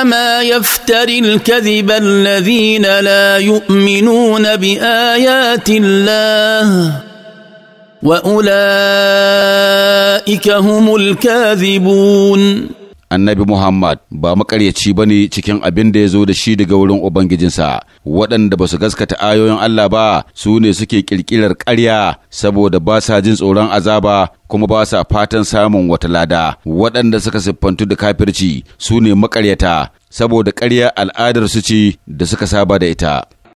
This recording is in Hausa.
انما يفتري الكذب الذين لا يؤمنون بايات الله واولئك هم الكاذبون annabi Muhammad ba makaryaci ba ne cikin abin da ya zo da shi daga wurin Ubangijinsa, waɗanda ba su gaskata ayoyin Allah ba su ne suke ƙirƙirar ƙarya saboda ba sa jin tsoron azaba kuma ba sa fatan samun wata lada, waɗanda suka siffantu da kafirci su ne makaryata saboda ƙarya al'adar su ce da suka saba da ita.